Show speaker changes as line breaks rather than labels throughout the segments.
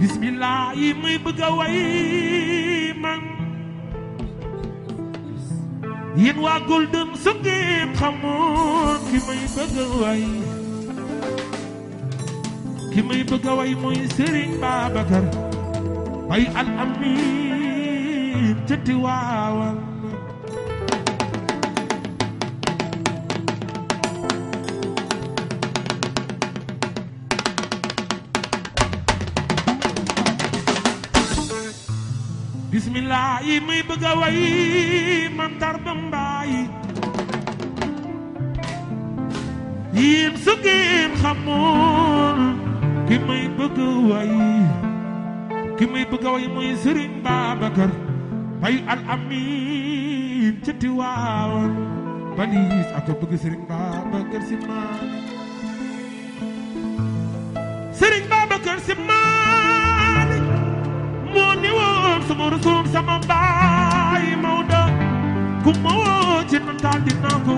bismillah yi muy bëgg a man yéen waa Golden su ngeen xamoon ki muy bëgg a ki muy bëgg a way muy Serigne Babacar bay al amin tëtti waawal yi muy bëgg a way mam tar ba mbaay yéen su ngeen bay al amin ca Tiwaawan balis ak a bëgg Sëriñ si maan Sëriñ Babacar si maan suma rasul sama baay Maodo ku ma woo ci nantaan dinaa ko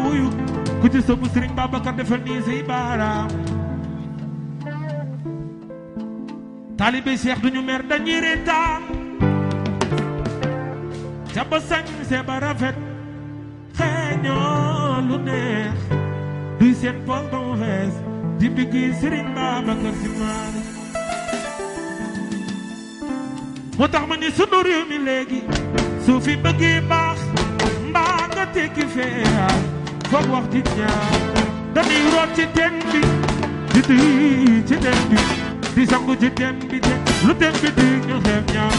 xeeñoo lu neex duy seen pos ba mu di biggi Sëriñ Babacar si maan moo tax ma ni sunu réew mi léegi su fi bëggee baax mbaa nga tekki fee foog wax ci ñaar dañuy root ci teen di duy ci teen di sangu ci teen bi lu teen bi di ñu xeeb ñaar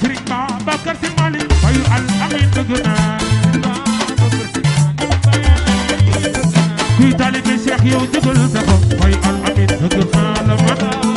Sëriñ Babacar Si Malick bayu al amin dëgg naa kuy taalibe Cheikh yow jógal sa bopp bayu al amin dëgg la man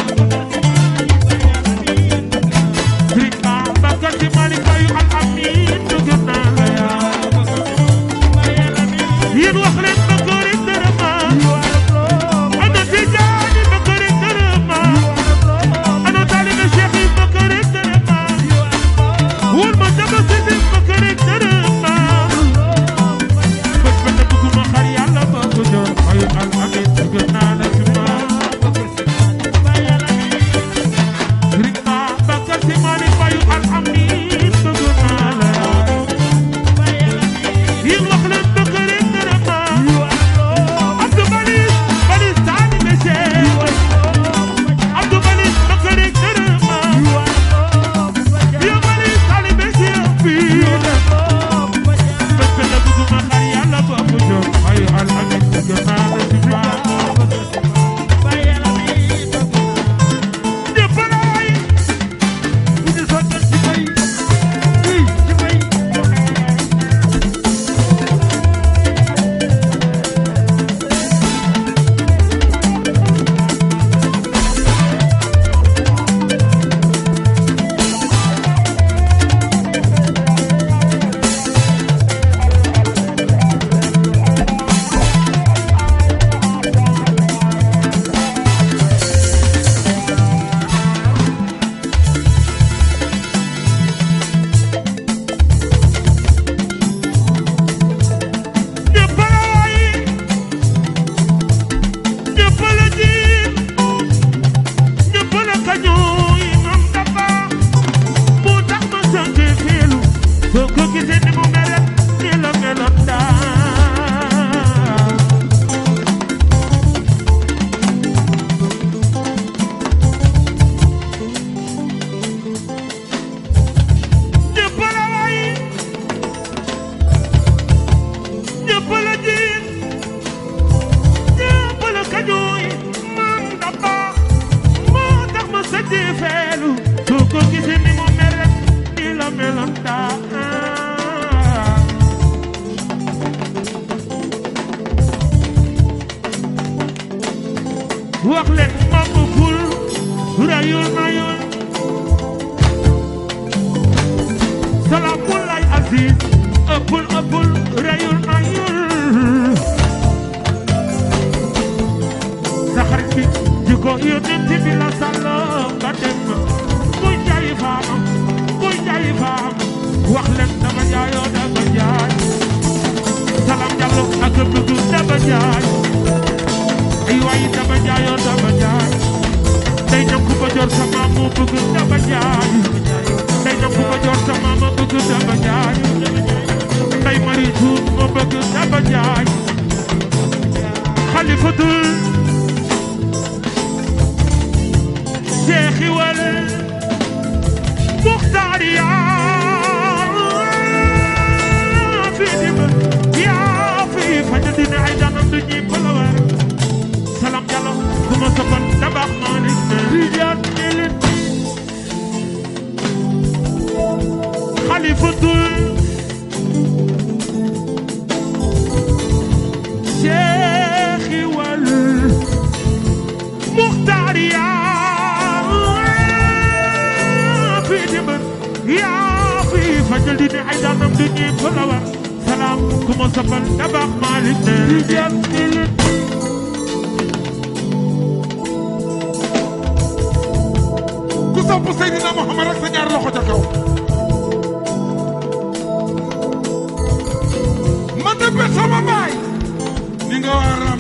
Sayonara. bëgg dama jaay ndey na bu ma jox sama ma bëgg dama jaay ndey mari suut ma bëgg dama jaay xalifatul seexi wal muxtaar yaa ngi folowar salaam ku ma sabal tabax Malick ne li jëm ci li ku sopp Seydina Mouhamad rek sa ñaar loxo ca kaw ma dëppee sama baay ni nga war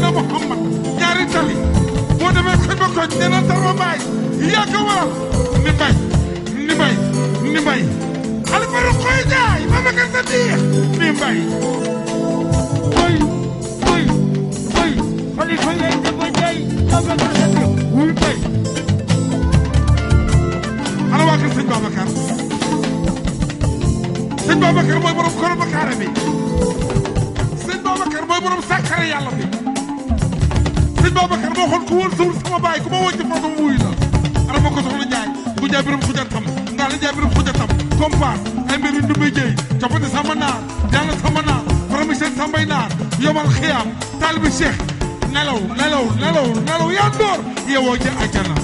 Seydina Muhammad ñaari tali boo demee xëy na ko nee na dara mbaay yaa ko waral ni mbay ni mbay ni mbay alfaru koy jaay Babacar Sadikh ni mbay koy koy koy xalifa yaay da koy jaay Babacar Sadikh wuy mbay ana waa kër sëñ Babacar sëñ Babacar mooy borom koro Bakara bi sëñ Babacar mooy borom sàkkara yàlla bi sëñ Babacar moo xoon ku wóor suul sama baay ku ma woo ci ma sama wuyu la ana ma ko soxla Njaay ku jaay biram xuja tam ngaa la jaay biram xuja tam compas ay mbir yu ndumay jëy coppate sama naar yàlla sama naar farami seen sambay naar yomal xiyaam taalibi cheikh nelaw nelaw nelaw nelaw yaa door yeewoo ja ajana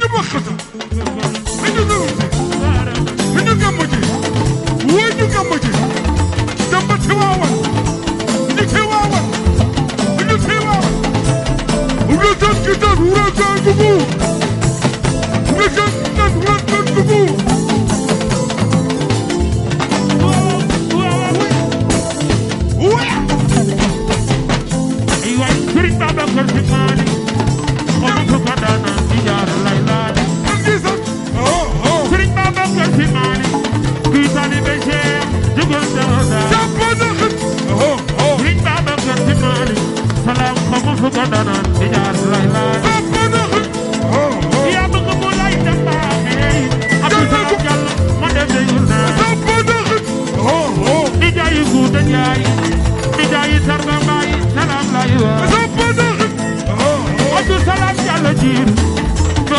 ñu bëkkata القبور نشدد رد القبور ايوه كريم بابا كريم مالي خلوك قدانا تجار ليلاني انجزك كريم بابا كريم مالي كيساني بشير جبل جهدا شابا دخل كريم بابا كريم مالي سلام خمس قدانا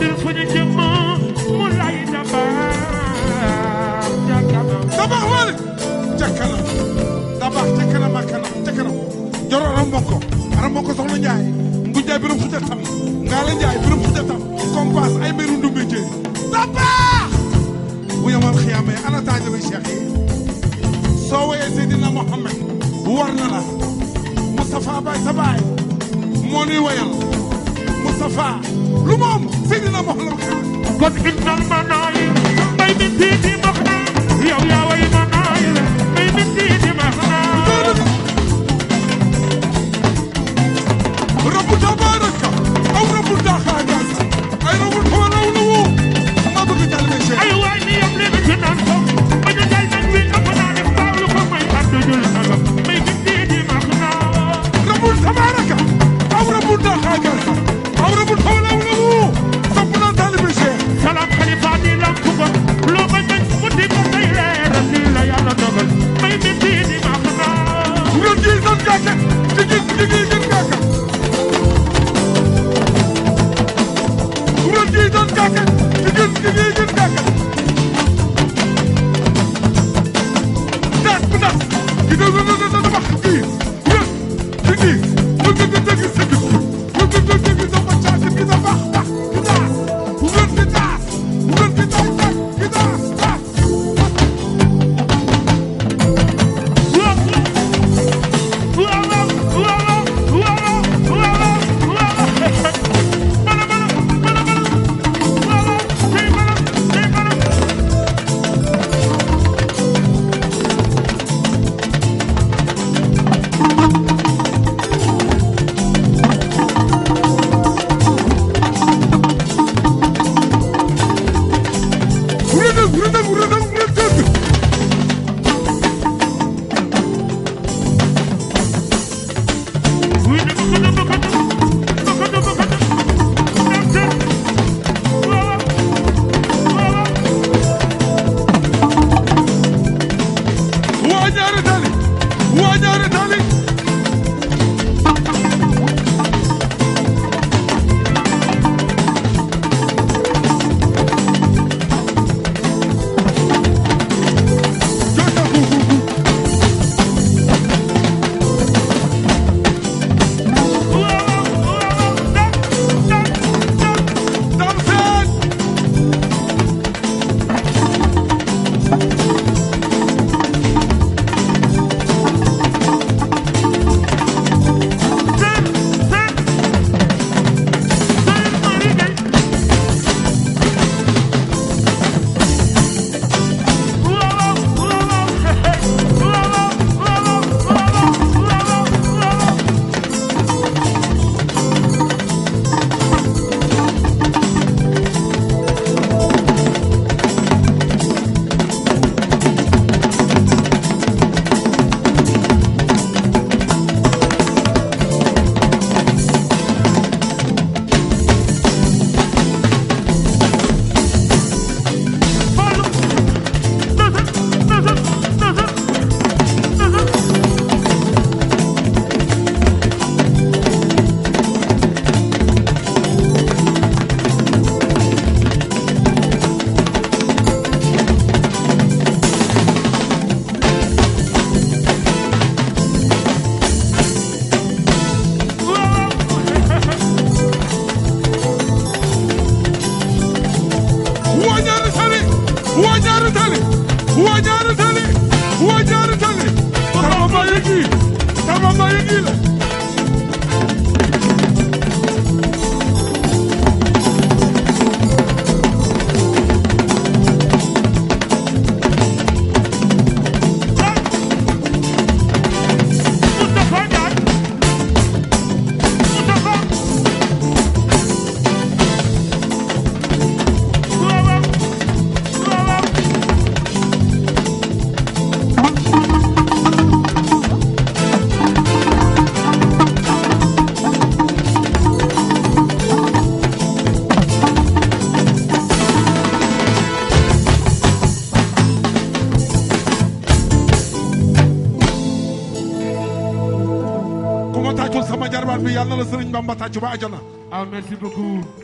del fu ñu jëm mu lay dabaax ca kanam dabaax wale ca kanam dabaax ca kanam a kanam ca kanam joro rambonko rambonko soxna Njaay ngu Njaay birum xuja tam ngaa la Njaay birum xuja tam kompas ay meru ndumbe jëy dabaax bu yamal xiyaame ana taajal ay cheikh war na la Moustapha Baye baay moo nuy wayal Moustapha lu moom Seydina Muhammad kon innal manaali bay min tiiti maxna yow yaa way manaali bay min tiiti maxna rabbu tabaraka aw rabbu daxa di di di di di Sambata Juba Ajana. Ah, merci beaucoup.